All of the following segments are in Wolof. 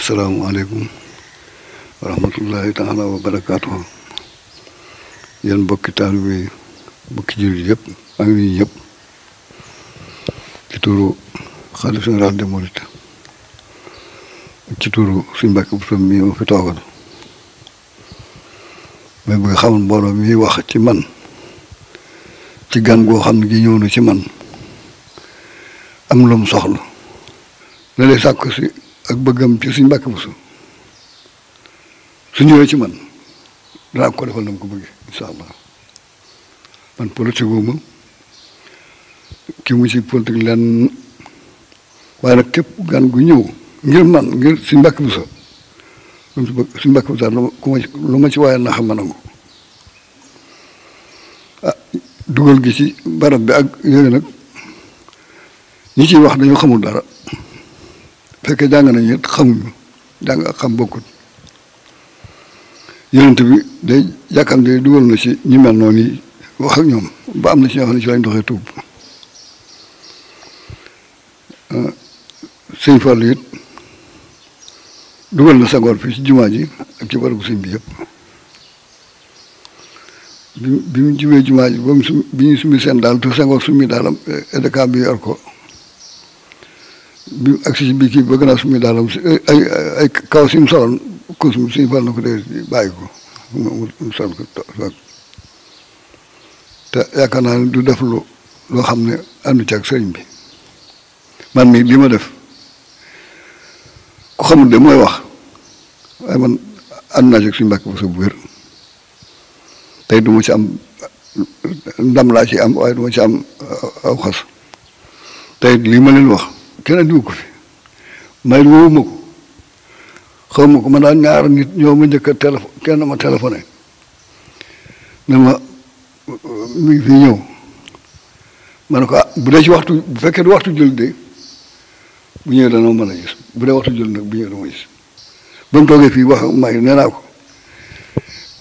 asalaamaaleykum wa rahmatullahi taala wa barakaatu yéen mbokki taalibe yi mbokki jullit yëpp ak ñun ci turu xalifa général des mourides ci turu suñu bu sam mbooloo mi wax ci man ci gan goo xam ne gi ñëw na ci man am lum mu soxla la lay si ak bëggam ci suñ mbàkk bu su su ñëwee ci man danaa ko defal na mu ko bëggee incha allah man politique wu ma mu ci politique lenn waaye nag képp gan gu ñëw ngir man ngir suñu mbàkk bu su suñu mbàkk bu su ku ma lu ma ci waaye na xam ma nangu ah dugal gi ci barab bi ak yooyu nag ñu ciy wax dañu xamul dara fekkee jàng nañ it xamuñu jàng xam bokkut yonent bi day yàkkam de dugal na ci ñi noonu yi wax ñoom ba am na ci ñoo xam ne ci lañ doxee tuub ah, sëñ Fallu it dugal na sangoor fii ci jumaa ji ak ci barabu sëñ bi yëpp bi bi mu jubee jumaa ji ba mu sum bi ñu summi seen daal tu sangoor summi daalam edekaam eh, bi yor ko bi ak si bi kii ba gannaaw suñu daalam daal ay kaw si mu soloon kuus mi suñu fal na ko dee bàyyi ko mu yaakaar naa ne du def lu loo xam ne àndu ci ak sëriñ bi man mii li ma def ku xamul de mooy wax waaye man ànd naa ak suñu mbàkk bu sa bu wér du mu ci am ndam laa ci am waaye du ma ci am aw xas tey lii ma leen wax kenn andiwu ko fi may woowu ma ko xaw ma ko ma daal ñaar nit ñoo ma njëkk a kenn ma téléphoné ma mi ngi fi ñëw ma ne ko ah bu dee ci waxtu bu fekkee du waxtu jël de bu ñëwee dana mën a gis bu dee waxtu jël nag bu ñëwee dama gis ba mu toogee fii wax maa ko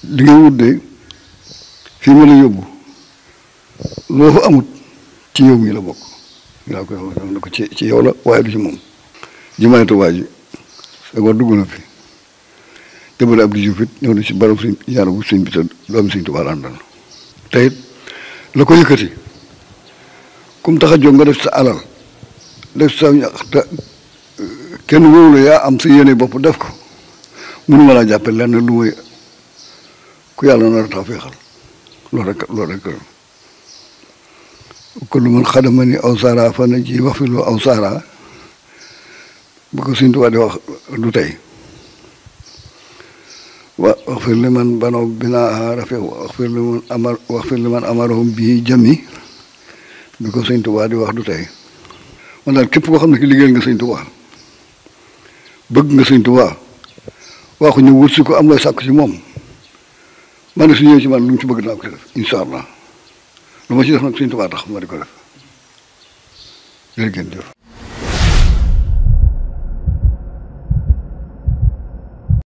li nga wut de fii ma la yóbbu loo amut ci yow mi la bokk laa koy wax na ko ci ci yow la waaye du ci moom jumaay Tuubaa ji Senghor dugg na fi jëmbale Abdou Diouf it ñëw na ci barab suñ yaana bu suñ bi te doomi suñ Tuubaa la ko yëkkati comme tax a jóg def sa alal def sa kenn wóolu yaa am sa yéene bopp def ko mënu ma laa jàppe lenn lu muy ku yàlla nar a tax fii xal loolu rek loolu rek kullu man xadamani aw sara fa na ci wax fi lu aw sara ba ko di wax du tey wa wax fir binaaha rafi wax fir amarahum bii jami bi ko Sëñ di wax du tey man daal képp koo xam ne ki liggéeyal nga Sëñ Tuubaa nga Sëñ Tuubaa waxu ñu wut si ko am looy sàkk si moom man ne su ñëwee ci man lu mu ci bëgg naa ko def allah lu ma ci def nag suñu Tuubaa tax ma di ko def jërëjëf